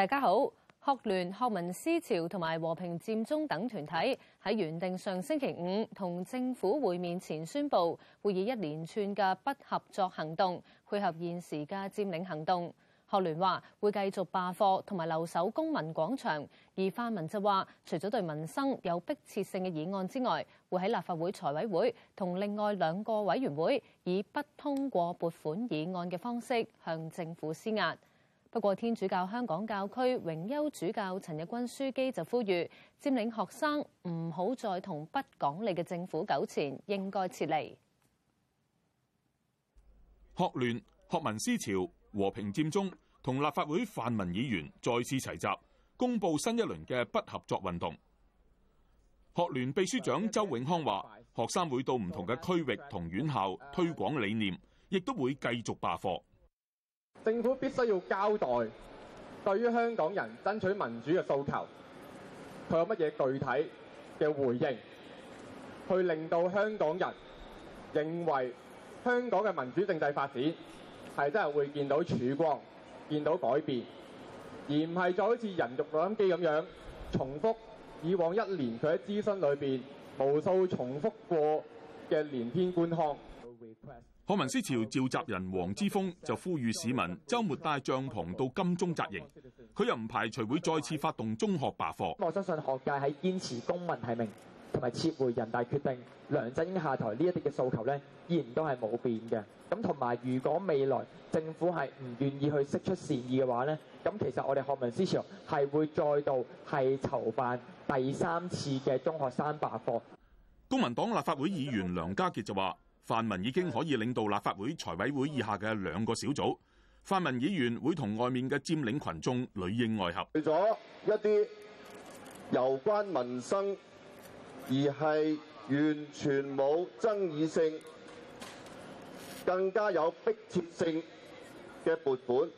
大家好，學聯、學民思潮同埋和平佔中等團體喺原定上星期五同政府會面前宣布，會以一連串嘅不合作行動配合現時嘅佔領行動。學聯話會繼續罷課同埋留守公民廣場，而泛民就話除咗對民生有迫切性嘅議案之外，會喺立法會財委會同另外兩個委員會以不通過撥款議案嘅方式向政府施壓。不過，天主教香港教區榮休主教陳日君樞機就呼籲佔領學生唔好再同不講理嘅政府糾纏，應該撤離。學聯、學民思潮、和平佔中同立法會泛民議員再次齊集，公布新一輪嘅不合作運動。學聯秘書長周永康話：學生會到唔同嘅區域同院校推廣理念，亦都會繼續罷課。政府必須要交代，對於香港人爭取民主嘅訴求，佢有乜嘢具體嘅回應，去令到香港人認為香港嘅民主政制發展係真係會見到曙光，見到改變，而唔係再好似人肉錄音機咁樣重複以往一年佢喺諮詢裏邊無數重複過嘅連篇官腔。學民思潮召集人黃之鋒就呼籲市民周末帶帳篷到金鐘紮營，佢又唔排除會再次發動中學罷課。我相信學界喺堅持公民提名同埋撤回人大決定、梁振英下台呢一啲嘅訴求咧，依然都係冇變嘅。咁同埋，如果未來政府係唔願意去釋出善意嘅話咧，咁其實我哋學民思潮係會再度係籌辦第三次嘅中學生罷課。公民黨立法會議員梁家傑就話。泛民已經可以領導立法會財委會以下嘅兩個小組，泛民議員會同外面嘅佔領群眾裏應外合，除咗一啲有關民生而係完全冇爭議性、更加有迫切性嘅撥款，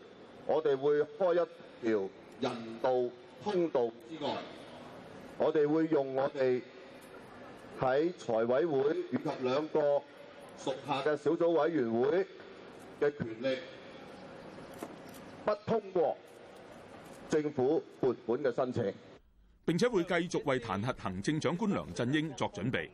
我哋會開一條人道通道之外，我哋會用我哋喺財委會以及兩個。屬下嘅小組委員會嘅權力，不通過政府撥款嘅申請，並且會繼續為彈劾行政長官梁振英作準備。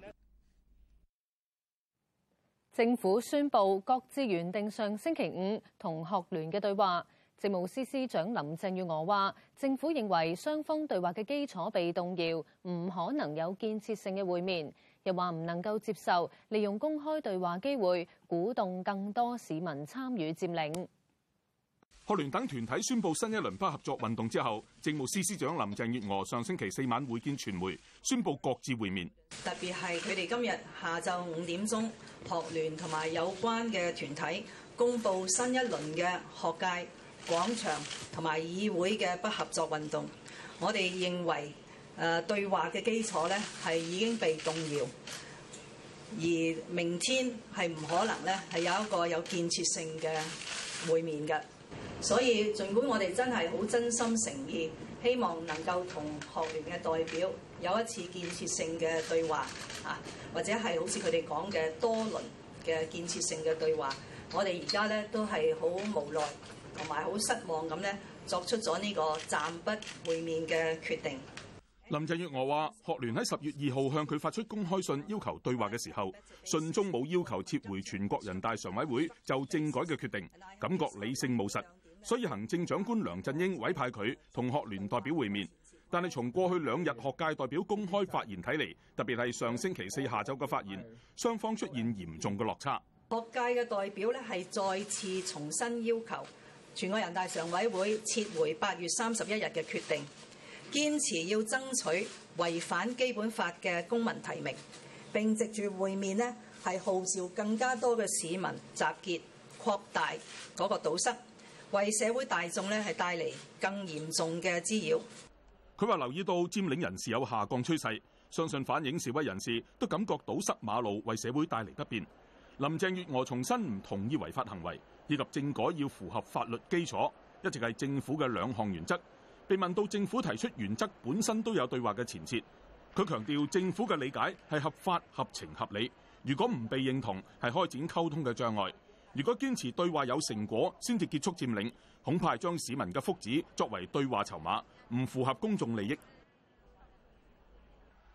政府宣布擱置原定上星期五同學聯嘅對話。政務司司長林鄭月娥話：政府認為雙方對話嘅基礎被動搖，唔可能有建設性嘅會面。又話唔能夠接受利用公開對話機會鼓動更多市民參與佔領。學聯等團體宣布新一輪不合作運動之後，政務司司長林鄭月娥上星期四晚會見傳媒，宣布各自會面。特別係佢哋今日下晝五點鐘，學聯同埋有關嘅團體公布新一輪嘅學界。廣場同埋議會嘅不合作運動，我哋認為誒、呃、對話嘅基礎咧係已經被動搖，而明天係唔可能咧係有一個有建設性嘅會面嘅。所以儘管我哋真係好真心誠意，希望能夠同學聯嘅代表有一次建設性嘅對話啊，或者係好似佢哋講嘅多輪嘅建設性嘅對話，我哋而家咧都係好無奈。同埋好失望咁咧，作出咗呢個暫不會面嘅決定。林鄭月娥話：學聯喺十月二號向佢發出公開信，要求對話嘅時候，信中冇要求撤回全國人大常委會就政改嘅決定，感覺理性務實。所以行政長官梁振英委派佢同學聯代表會面。但係從過去兩日學界代表公開發言睇嚟，特別係上星期四下晝嘅發言，雙方出現嚴重嘅落差。學界嘅代表呢係再次重新要求。全國人大常委會撤回八月三十一日嘅決定，堅持要爭取違反基本法嘅公民提名。並藉住會面呢，係號召更加多嘅市民集結，擴大嗰個堵塞，為社會大眾呢，係帶嚟更嚴重嘅滋擾。佢話留意到佔領人士有下降趨勢，相信反映示威人士都感覺堵塞馬路為社會帶嚟不便。林鄭月娥重申唔同意違法行為。以及政改要符合法律基礎，一直係政府嘅兩項原則。被問到政府提出原則本身都有對話嘅前設，佢強調政府嘅理解係合法、合情、合理。如果唔被認同，係開展溝通嘅障礙，如果堅持對話有成果，先至結束佔領，恐怕將市民嘅福祉作為對話籌碼，唔符合公眾利益。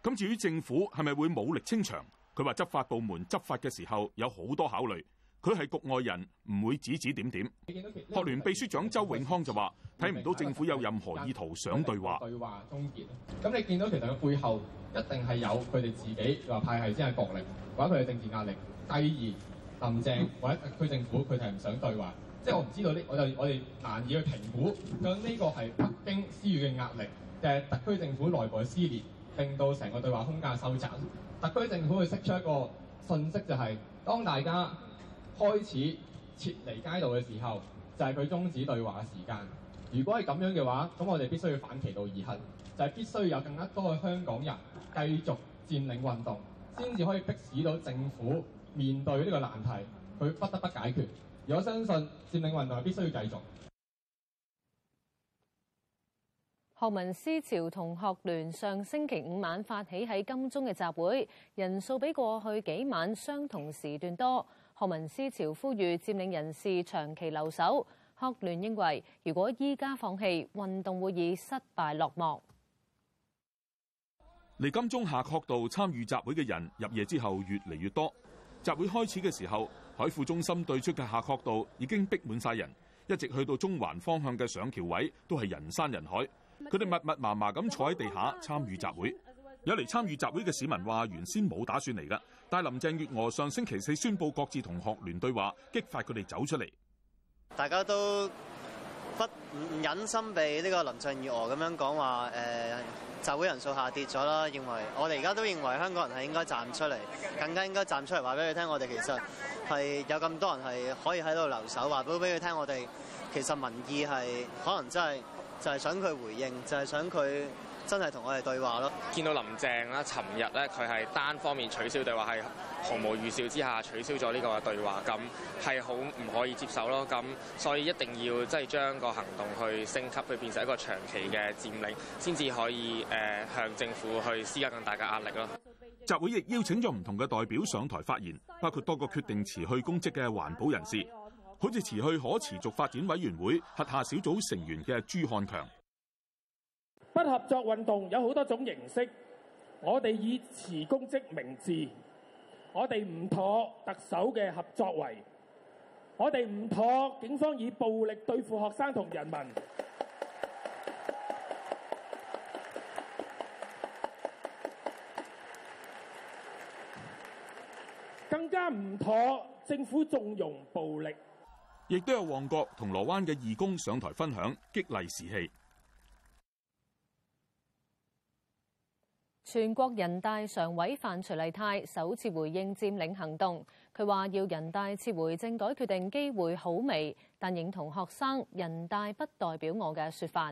咁至於政府係咪會武力清場，佢話執法部門執法嘅時候有好多考慮。佢係局外人，唔會指指點點。學聯秘書長周永康就話：睇唔到政府有任何意圖想對話。對話終結咁，你見到其實佢背後一定係有佢哋自己話派系先係國力，或者佢哋政治壓力第。第二林鄭或者特區政府佢哋係唔想對話，即係我唔知道呢，我就我哋難以去評估。咁呢個係北京施予嘅壓力，誒、就係、特區政府內部嘅撕裂，令到成個對話空間收窄。特區政府佢釋出一個訊息、就係，就係當大家，開始撤離街道嘅時候，就係佢終止對話嘅時間。如果係咁樣嘅話，咁我哋必須要反其道而行，就係、是、必須有更加多嘅香港人繼續佔領運動，先至可以迫使到政府面對呢個難題，佢不得不解決。我相信佔領運動係必須要繼續。學民思潮同學聯上星期五晚發起喺金鐘嘅集會，人數比過去幾晚相同時段多。學民思潮呼籲佔領人士長期留守，學聯認為如果依家放棄，運動會以失敗落幕。嚟金鐘夏慤道參與集會嘅人，入夜之後越嚟越多。集會開始嘅時候，海富中心對出嘅夏慤道已經逼滿晒人，一直去到中環方向嘅上橋位都係人山人海。佢哋密密麻麻咁坐喺地下參與集會。有嚟參與集會嘅市民話：原先冇打算嚟㗎。但林鄭月娥上星期四宣布擱置同學聯對話，激發佢哋走出嚟。大家都不，不忍心俾呢個林鄭月娥咁樣講話，誒、呃、集會人數下跌咗啦。認為我哋而家都認為香港人係應該站出嚟，更加應該站出嚟話俾佢聽，我哋其實係有咁多人係可以喺度留守，話俾佢聽，我哋其實民意係可能真係就係、是就是、想佢回應，就係、是、想佢。真係同我哋對話咯！見到林鄭啦，尋日咧佢係單方面取消對話，係毫無預兆之下取消咗呢個嘅對話，咁係好唔可以接受咯。咁所以一定要即係將個行動去升級，去變成一個長期嘅佔領，先至可以誒向政府去施加更大嘅壓力咯。集會亦邀請咗唔同嘅代表上台發言，包括多個決定辭去公職嘅環保人士，好似辭去可持續發展委員會轄下小組成員嘅朱漢強。不合作運動有好多種形式，我哋以辭公職明志，我哋唔妥特首嘅合作為，我哋唔妥警方以暴力對付學生同人民，更加唔妥政府縱容暴力。亦都有旺角銅鑼灣嘅義工上台分享，激勵士氣。全國人大常委范徐麗泰首次回應佔領行動，佢話要人大撤回政改決定機會好微，但認同學生人大不代表我嘅說法。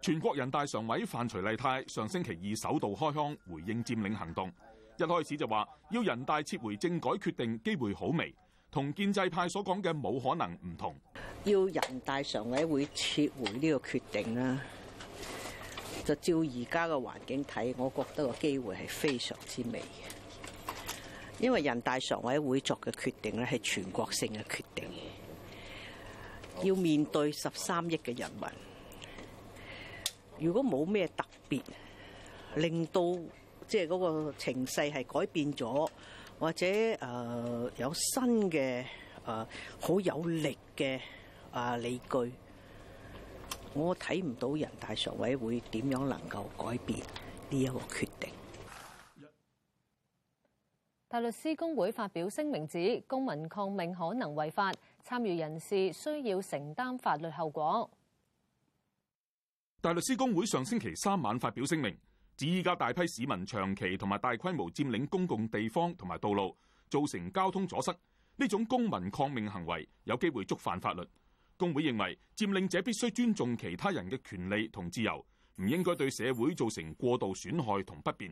全國人大常委范徐麗泰上星期二首度開腔回應佔領行動，一開始就話要人大撤回政改決定機會好微，同建制派所講嘅冇可能唔同。要人大常委會撤回呢個決定啦。就照而家嘅環境睇，我覺得個機會係非常之微嘅，因為人大常委會作嘅決定咧係全國性嘅決定，要面對十三億嘅人民。如果冇咩特別令到即係嗰個情勢係改變咗，或者誒有新嘅誒好有力嘅啊理據。我睇唔到人大常委會點樣能夠改變呢一個決定。大律師公會發表聲明指，公民抗命可能違法，參與人士需要承擔法律後果。大律師公會上星期三晚發表聲明，指依家大批市民長期同埋大規模佔領公共地方同埋道路，造成交通阻塞，呢種公民抗命行為有機會觸犯法律。公會認為佔領者必須尊重其他人嘅權利同自由，唔應該對社會造成過度損害同不便。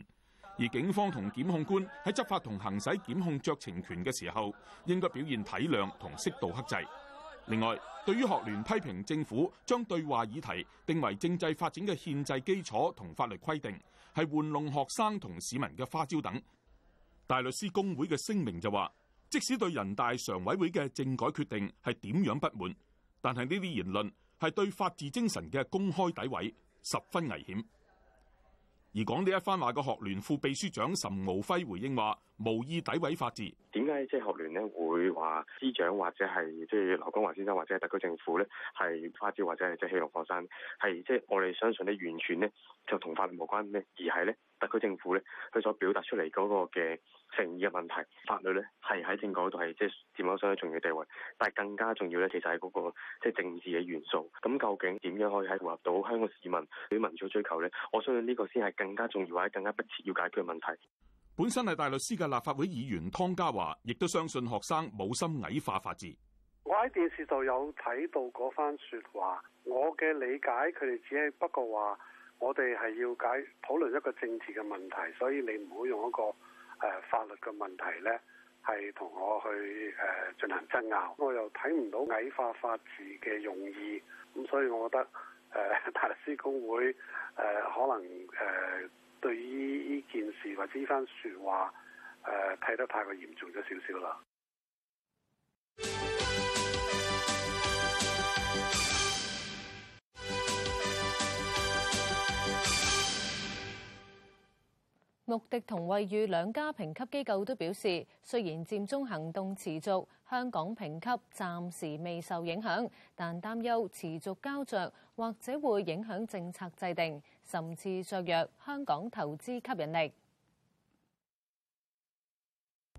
而警方同檢控官喺執法同行使檢控酌情權嘅時候，應該表現體諒同適度克制。另外，對於學聯批評政府將對話議題定為政制發展嘅憲制基礎同法律規定，係玩弄學生同市民嘅花招等，大律師公會嘅聲明就話，即使對人大常委會嘅政改決定係點樣不滿，但係呢啲言論係對法治精神嘅公開詆毀，十分危險。而講呢一番話嘅學聯副秘書長岑敖輝回應話：，無意詆毀法治。點解即係學聯咧會話司長或者係即係劉光華先生或者係特區政府咧，係發招或者係即係欺山？係即我哋相信咧，完全咧就同法律無關嘅，而係咧。特區政府咧，佢所表達出嚟嗰個嘅誠意嘅問題，法律咧係喺政改度係即係佔咗相當重要地位，但係更加重要咧，其實係嗰個即係政治嘅元素。咁究竟點樣可以喺符合到香港市民對民主追求咧？我相信呢個先係更加重要，或者更加迫切要解決嘅問題。本身係大律師嘅立法會議員湯家驊，亦都相信學生冇心矮化法治。我喺電視就有睇到嗰番説話，我嘅理解佢哋只係不過話。我哋係要解討論一個政治嘅問題，所以你唔好用一個誒、呃、法律嘅問題咧，係同我去誒、呃、進行爭拗。我又睇唔到矮化法治嘅用意，咁所以我覺得誒大律師公會誒、呃、可能誒、呃、對於呢件事或者呢番説話誒睇、呃、得太過嚴重咗少少啦。 穆迪同惠譽兩家評級機構都表示，雖然佔中行動持續，香港評級暫時未受影響，但擔憂持續膠着，或者會影響政策制定，甚至削弱香港投資吸引力。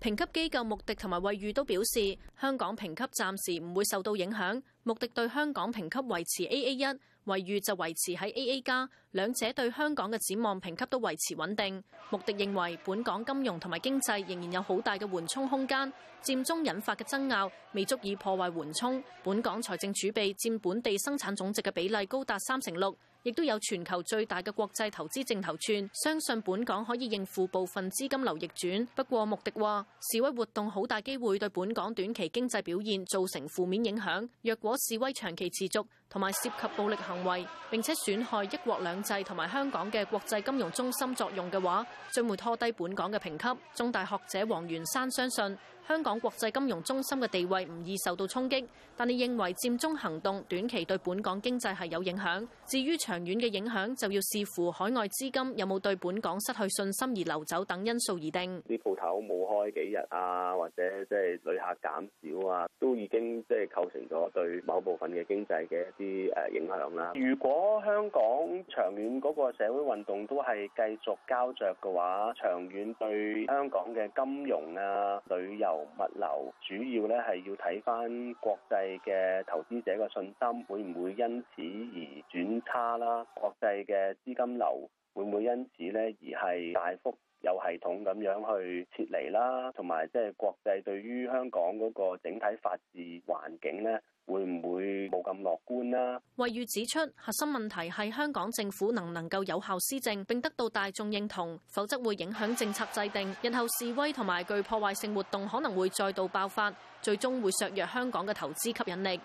評級機構穆迪同埋惠譽都表示，香港評級暫時唔會受到影響。穆迪對香港評級維持 A A 一。惠譽就維持喺 AA 加，兩者對香港嘅展望評級都維持穩定。穆迪認為，本港金融同埋經濟仍然有好大嘅緩衝空間，佔中引發嘅爭拗未足以破壞緩衝。本港財政儲備佔本地生產總值嘅比例高達三成六，亦都有全球最大嘅國際投資淨頭寸，相信本港可以應付部分資金流逆轉。不過目的，穆迪話示威活動好大機會對本港短期經濟表現造成負面影響，若果示威長期持續，同埋涉及暴力行為，並且損害一國兩制同埋香港嘅國際金融中心作用嘅話，將會拖低本港嘅評級。中大學者黃元山相信香港國際金融中心嘅地位唔易受到衝擊，但你認為佔中行動短期對本港經濟係有影響，至於長遠嘅影響就要視乎海外資金有冇對本港失去信心而流走等因素而定。呢鋪頭冇。幾日啊，或者即係旅客減少啊，都已經即係構成咗對某部分嘅經濟嘅一啲誒影響啦。如果香港長遠嗰個社會運動都係繼續膠着嘅話，長遠對香港嘅金融啊、旅遊、物流，主要咧係要睇返國際嘅投資者嘅信心會唔會因此而轉差啦，國際嘅資金流會唔會因此咧而係大幅有系統咁樣去撤離啦，同埋即係國際對於香港嗰個整體法治環境咧，會唔會冇咁樂觀啦？惠譽指出，核心問題係香港政府能唔能夠有效施政並得到大眾認同，否則會影響政策制定，日後示威同埋具破壞性活動可能會再度爆發，最終會削弱香港嘅投資吸引力。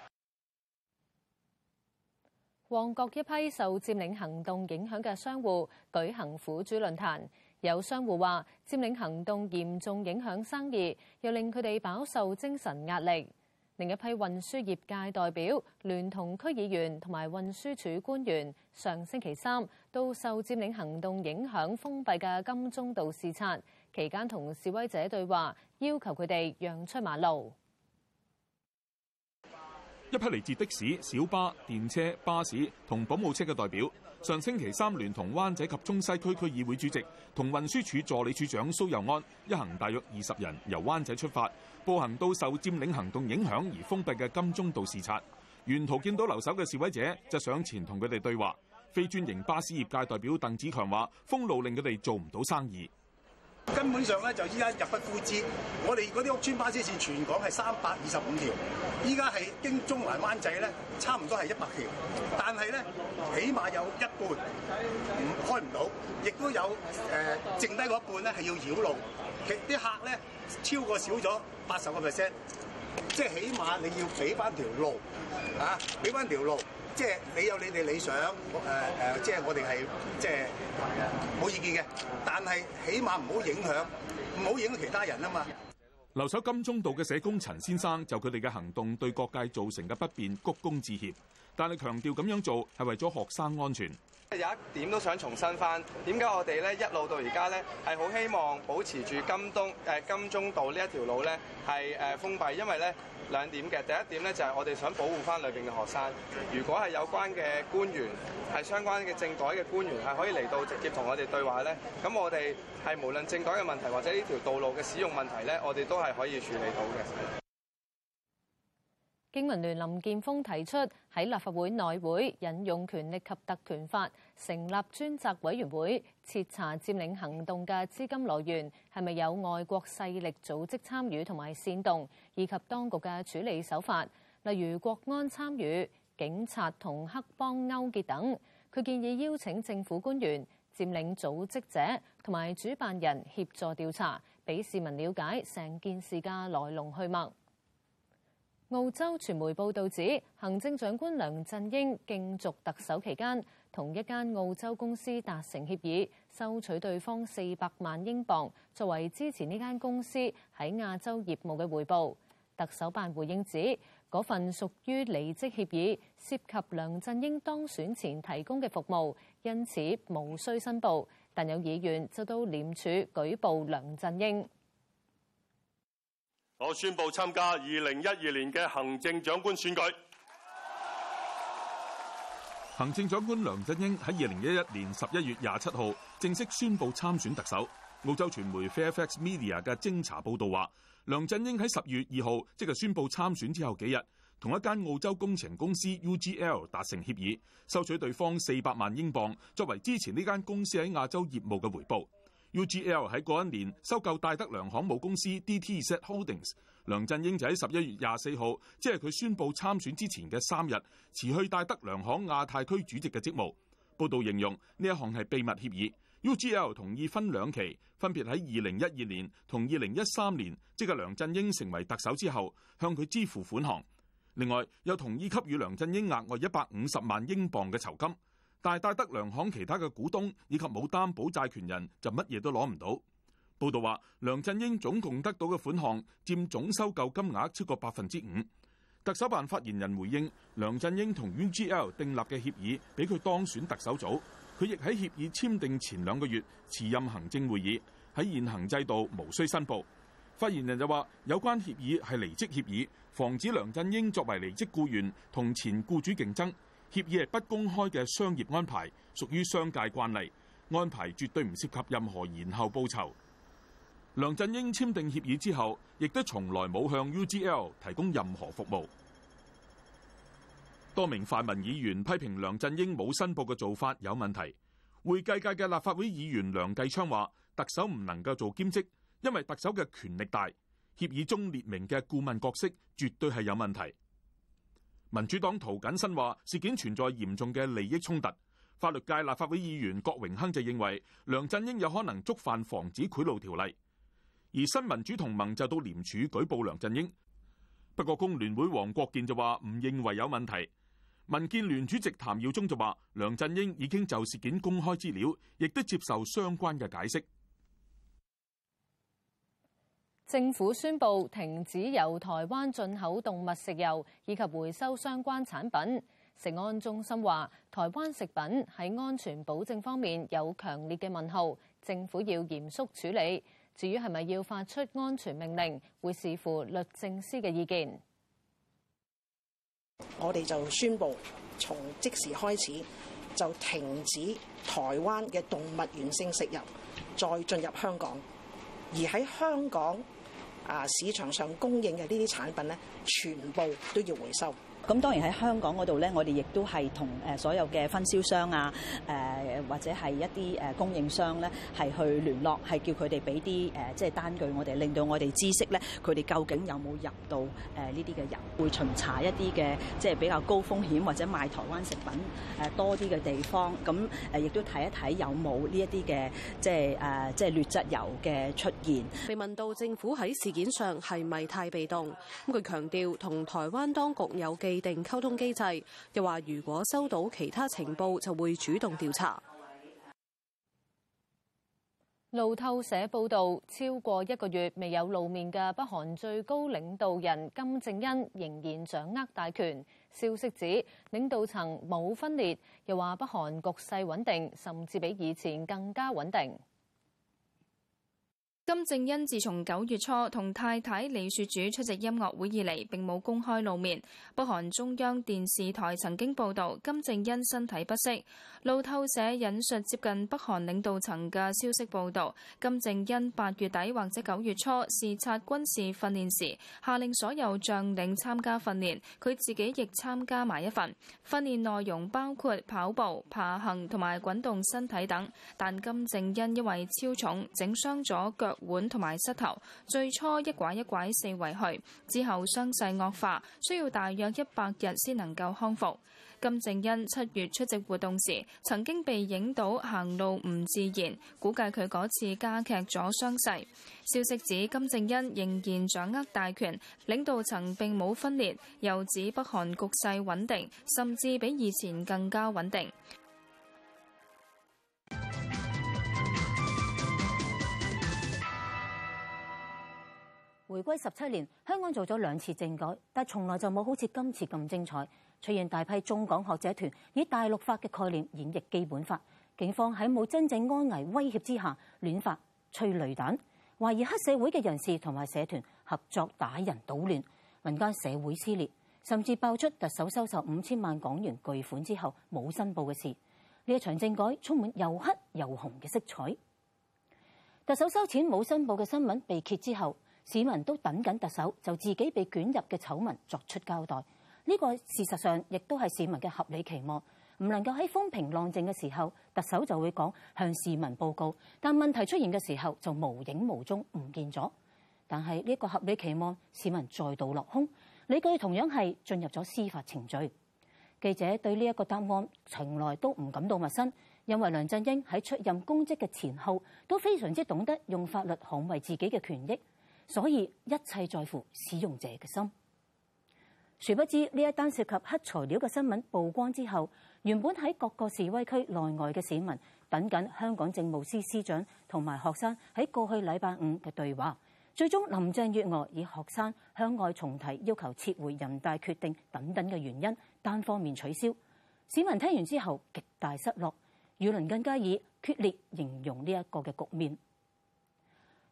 旺角一批受佔領行動影響嘅商戶舉行苦主論壇，有商戶話佔領行動嚴重影響生意，又令佢哋飽受精神壓力。另一批運輸業界代表聯同區議員同埋運輸署官員，上星期三到受佔領行動影響封閉嘅金鐘道視察，期間同示威者對話，要求佢哋讓出馬路。一批嚟自的士、小巴、電車、巴士同保姆車嘅代表，上星期三聯同灣仔及中西區區議會主席同運輸署助理署長蘇又安一行大約二十人，由灣仔出發，步行到受佔領行動影響而封閉嘅金鐘道視察。沿途見到留守嘅示威者，就上前同佢哋對話。非專營巴士業界代表鄧子強話，封路令佢哋做唔到生意。根本上咧就依家入不敷支，我哋嗰啲屋邨巴士線全港係三百二十五條，依家係經中環灣仔咧，差唔多係一百條，但係咧，起碼有一半唔開唔到，亦都有誒、呃、剩低嗰一半咧係要繞路，其啲客咧超過少咗八十個 percent，即係起碼你要俾翻條路啊，俾翻條路。即係你有你哋理想，誒誒，即係我哋係即係冇意見嘅，但係起碼唔好影響，唔好影響其他人啊嘛。留守金鐘道嘅社工陳先生就佢哋嘅行動對各界造成嘅不便鞠躬致歉，但係強調咁樣做係為咗學生安全。有一點都想重申翻，點解我哋咧一路到而家咧係好希望保持住金鐘誒金鐘道呢一條路咧係誒封閉，因為咧，兩點嘅第一點咧，就係我哋想保護翻裏邊嘅學生。如果係有關嘅官員，係相關嘅政改嘅官員，係可以嚟到直接同我哋對話咧，咁我哋係無論政改嘅問題或者呢條道路嘅使用問題咧，我哋都係可以處理到嘅。經民聯林健鋒提出喺立法會內會引用權力及特權法，成立專責委員會徹查佔領行動嘅資金來源係咪有外國勢力組織參與同埋煽動，以及當局嘅處理手法，例如國安參與、警察同黑幫勾結等。佢建議邀請政府官員、佔領組織者同埋主辦人協助調查，俾市民了解成件事嘅來龍去脈。澳洲傳媒報道指，行政長官梁振英競逐特首期間，同一間澳洲公司達成協議，收取對方四百萬英鎊作為支持呢間公司喺亞洲業務嘅回報。特首辦回應指，嗰份屬於離職協議，涉及梁振英當選前提供嘅服務，因此無需申報。但有議員就到廉署舉報梁振英。我宣布參加二零一二年嘅行政長官選舉。行政長官梁振英喺二零一一年十一月廿七號正式宣布參選特首。澳洲傳媒 Fairfax Media 嘅偵查報道話，梁振英喺十月二號即係宣布參選之後幾日，同一間澳洲工程公司 UGL 達成協議，收取對方四百萬英鎊作為之前呢間公司喺亞洲業務嘅回報。UGL 喺過一年收購戴德梁行母公司 DTZ Holdings，梁振英就喺十一月廿四號，即係佢宣布參選之前嘅三日，辭去戴德梁行亞太區主席嘅職務。報道形容呢一項係秘密協議，UGL 同意分兩期，分別喺二零一二年同二零一三年，即係梁振英成為特首之後，向佢支付款項。另外又同意給予梁振英額外一百五十萬英鎊嘅酬金。但戴德梁行其他嘅股東以及冇擔保債權人就乜嘢都攞唔到。報道話梁振英總共得到嘅款項占總收購金額超過百分之五。特首辦發言人回應梁振英同 UGL 訂立嘅協議俾佢當選特首組，佢亦喺協議簽訂前兩個月辭任行政會議，喺現行制度無需申報發言人就話有關協議係離職協議，防止梁振英作為離職雇員同前雇主競爭。協議係不公開嘅商業安排，屬於商界慣例。安排絕對唔涉及任何延後報酬。梁振英簽訂協議之後，亦都從來冇向 UGL 提供任何服務。多名泛民議員批評梁振英冇申報嘅做法有問題。會計界嘅立法會議員梁繼昌話，特首唔能夠做兼職，因為特首嘅權力大。協議中列明嘅顧問角色絕對係有問題。民主黨涂謹申話，事件存在嚴重嘅利益衝突。法律界立法會議員郭榮鏗就認為梁振英有可能觸犯防止賄賂條例，而新民主同盟就到廉署舉報梁振英。不過工聯會黃國健就話唔認為有問題。民建聯主席譚耀宗就話梁振英已經就事件公開資料，亦都接受相關嘅解釋。政府宣布停止由台灣進口動物食油以及回收相關產品。食安中心話台灣食品喺安全保證方面有強烈嘅問號，政府要嚴肅處理。至於係咪要發出安全命令，會視乎律政司嘅意見。我哋就宣布，從即時開始就停止台灣嘅動物原性食油再進入香港，而喺香港。啊，市場上供應嘅呢啲產品咧，全部都要回收。咁當然喺香港嗰度咧，我哋亦都係同誒所有嘅分銷商啊，誒、呃。誒或者係一啲誒供應商咧，係去聯絡，係叫佢哋俾啲誒即係單據我哋，令到我哋知悉咧，佢哋究竟有冇入到誒呢啲嘅油？會巡查一啲嘅即係比較高風險或者賣台灣食品誒多啲嘅地方，咁誒亦都睇一睇有冇呢一啲嘅即係誒即係劣質油嘅出現。被問到政府喺事件上係咪太被動？咁佢強調同台灣當局有既定溝通機制，又話如果收到其他情報就會主動調查。路透社報道，超過一個月未有露面嘅北韓最高領導人金正恩仍然掌握大權。消息指，領導層冇分裂，又話北韓局勢穩定，甚至比以前更加穩定。金正恩自從九月初同太太李雪主出席音樂會以嚟，並冇公開露面。北韓中央電視台曾經報道金正恩身體不適。路透社引述接近北韓領導層嘅消息報道，金正恩八月底或者九月初視察軍事訓練時，下令所有將領參加訓練，佢自己亦參加埋一份。訓練內容包括跑步、爬行同埋滾動身體等。但金正恩因為超重，整傷咗腳腕同埋膝頭，最初一拐一拐四圍去，之後傷勢惡化，需要大約一百日先能夠康復。金正恩七月出席活動時，曾經被影到行路唔自然，估計佢嗰次加劇咗傷勢。消息指金正恩仍然掌握大權，領導層並冇分裂，又指北韓局勢穩定，甚至比以前更加穩定。回歸十七年，香港做咗兩次政改，但係從來就冇好似今次咁精彩。出現大批中港學者團以大陸法嘅概念演繹基本法，警方喺冇真正安危威脅之下亂發催淚彈，懷疑黑社會嘅人士同埋社團合作打人亂，搞亂民間社會撕裂，甚至爆出特首收受五千萬港元巨款之後冇申報嘅事。呢一場政改充滿又黑又紅嘅色彩。特首收錢冇申報嘅新聞被揭之後。市民都等緊特首就自己被捲入嘅醜聞作出交代。呢個事實上亦都係市民嘅合理期望，唔能夠喺風平浪靜嘅時候，特首就會講向市民報告。但問題出現嘅時候就無影無蹤唔見咗。但係呢個合理期望，市民再度落空。理據同樣係進入咗司法程序。記者對呢一個答案從來都唔感到陌生，因為梁振英喺出任公職嘅前後都非常之懂得用法律捍衞自己嘅權益。所以一切在乎使用者嘅心。殊不知呢一單涉及黑材料嘅新聞曝光之後，原本喺各個示威區內外嘅市民等緊香港政務司司長同埋學生喺過去禮拜五嘅對話，最終林鄭月娥以學生向外重提要求撤回人大決定等等嘅原因，單方面取消。市民聽完之後極大失落，輿論更加以決裂形容呢一個嘅局面。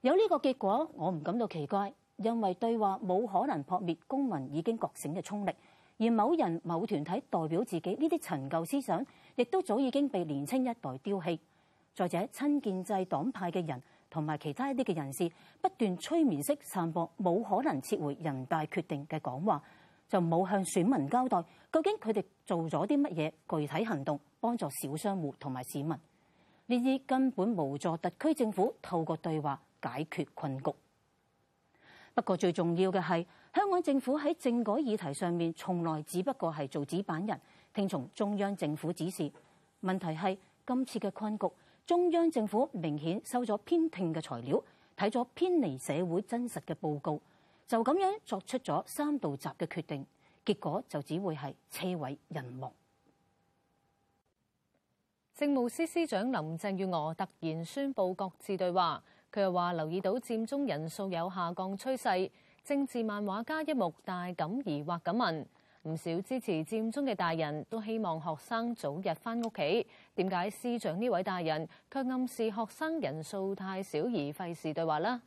有呢個結果，我唔感到奇怪，因為對話冇可能撲滅公民已經覺醒嘅衝力，而某人某團體代表自己呢啲陳舊思想，亦都早已經被年青一代丟棄。再者，親建制黨派嘅人同埋其他一啲嘅人士不斷催眠式散播冇可能撤回人大決定嘅講話，就冇向選民交代究竟佢哋做咗啲乜嘢具體行動幫助小商戶同埋市民，呢啲根本無助特區政府透過對話解決困局。不過最重要嘅係，香港政府喺政改議題上面從來只不過係做紙板人，聽從中央政府指示。問題係今次嘅困局，中央政府明顯收咗偏聽嘅材料，睇咗偏離社會真實嘅報告，就咁樣作出咗三道閘嘅決定。結果就只會係車毀人亡。政務司司長林鄭月娥突然宣布擱置對話。佢又話留意到佔中人數有下降趨勢，政治漫畫家一目大感疑惑咁問：唔少支持佔中嘅大人都希望學生早日返屋企，點解司長呢位大人卻暗示學生人數太少而費事對話咧？